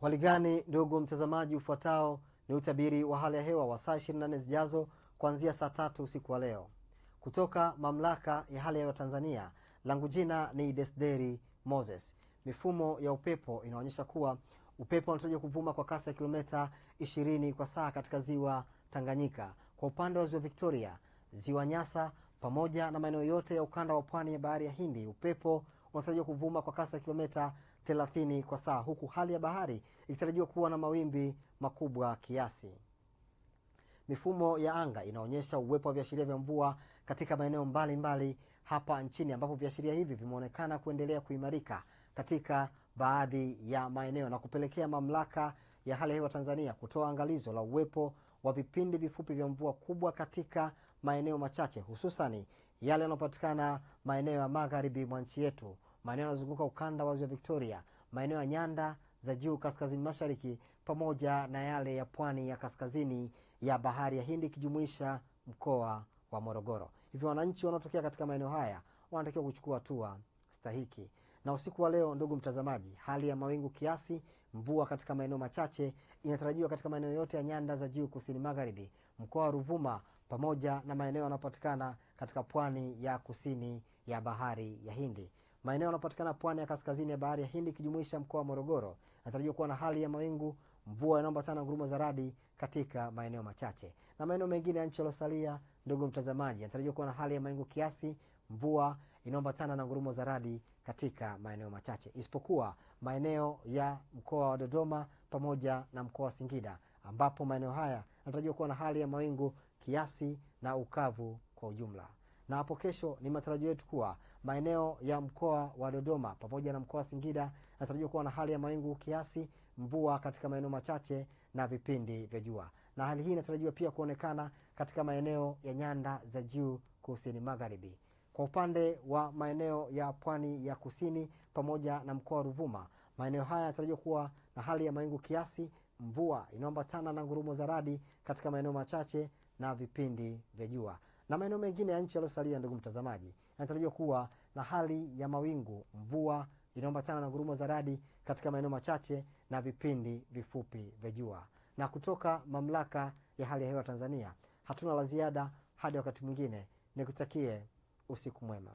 waligani ndugu mtazamaji, ufuatao ni utabiri wa hali ya hewa wa saa 24 zijazo kuanzia saa tatu usiku wa leo kutoka mamlaka ya hali ya hewa Tanzania. Langu jina ni Desderi Moses. Mifumo ya upepo inaonyesha kuwa upepo unatarajiwa kuvuma kwa kasi ya kilomita 20 kwa saa katika ziwa Tanganyika, kwa upande wa ziwa Victoria, ziwa Nyasa pamoja na maeneo yote ya ukanda wa pwani ya bahari ya Hindi. Upepo unatarajiwa kuvuma kwa kasi ya kilomita 30 kwa saa, huku hali ya bahari ikitarajiwa kuwa na mawimbi makubwa kiasi. Mifumo ya anga inaonyesha uwepo wa viashiria vya mvua katika maeneo mbalimbali hapa nchini, ambapo viashiria hivi vimeonekana kuendelea kuimarika katika baadhi ya maeneo na kupelekea Mamlaka ya Hali ya Hewa Tanzania kutoa angalizo la uwepo wa vipindi vifupi vya mvua kubwa katika maeneo machache, hususani yale yanayopatikana maeneo ya magharibi mwa nchi yetu maeneo yanayozunguka ukanda wa ziwa Victoria, maeneo ya nyanda za juu kaskazini mashariki, pamoja na yale ya pwani ya kaskazini ya bahari ya Hindi ikijumuisha mkoa wa Morogoro. Hivyo wananchi wanaotokea katika maeneo haya wanatakiwa kuchukua hatua stahiki. Na usiku wa leo, ndugu mtazamaji, hali ya mawingu kiasi, mvua katika maeneo machache inatarajiwa katika maeneo yote ya nyanda za juu kusini magharibi, mkoa wa Ruvuma pamoja na maeneo yanayopatikana katika pwani ya kusini ya bahari ya Hindi. Maeneo yanayopatikana pwani ya kaskazini ya bahari ya Hindi ikijumuisha mkoa wa Morogoro yanatarajiwa kuwa na hali ya mawingu, mvua inaomba sana ngurumo za radi katika maeneo machache. Na maeneo mengine ya nchi yaliyosalia, ndugu mtazamaji, yanatarajiwa kuwa na hali ya mawingu kiasi, mvua sana na ngurumo za radi katika maeneo machache, isipokuwa maeneo ya mkoa wa Dodoma pamoja na mkoa wa Singida, ambapo maeneo haya yanatarajiwa kuwa na hali ya mawingu kiasi na ukavu kwa ujumla na hapo kesho ni matarajio yetu kuwa maeneo ya mkoa wa Dodoma pamoja na mkoa wa Singida yanatarajiwa kuwa na hali ya mawingu kiasi, mvua katika maeneo machache na vipindi vya jua, na hali hii inatarajiwa pia kuonekana katika maeneo ya nyanda za juu kusini magharibi. Kwa upande wa maeneo ya pwani ya kusini pamoja na mkoa wa Ruvuma, maeneo haya yanatarajiwa kuwa na hali ya mawingu kiasi, mvua inaoambatana na ngurumo za radi katika maeneo machache na vipindi vya jua. Na maeneo mengine ya nchi yaliyosalia, ndugu mtazamaji, yanatarajiwa kuwa na hali ya mawingu, mvua inayoambatana na ngurumo za radi katika maeneo machache na vipindi vifupi vya jua. Na kutoka Mamlaka ya Hali ya Hewa Tanzania hatuna la ziada hadi wakati mwingine, nikutakie usiku mwema.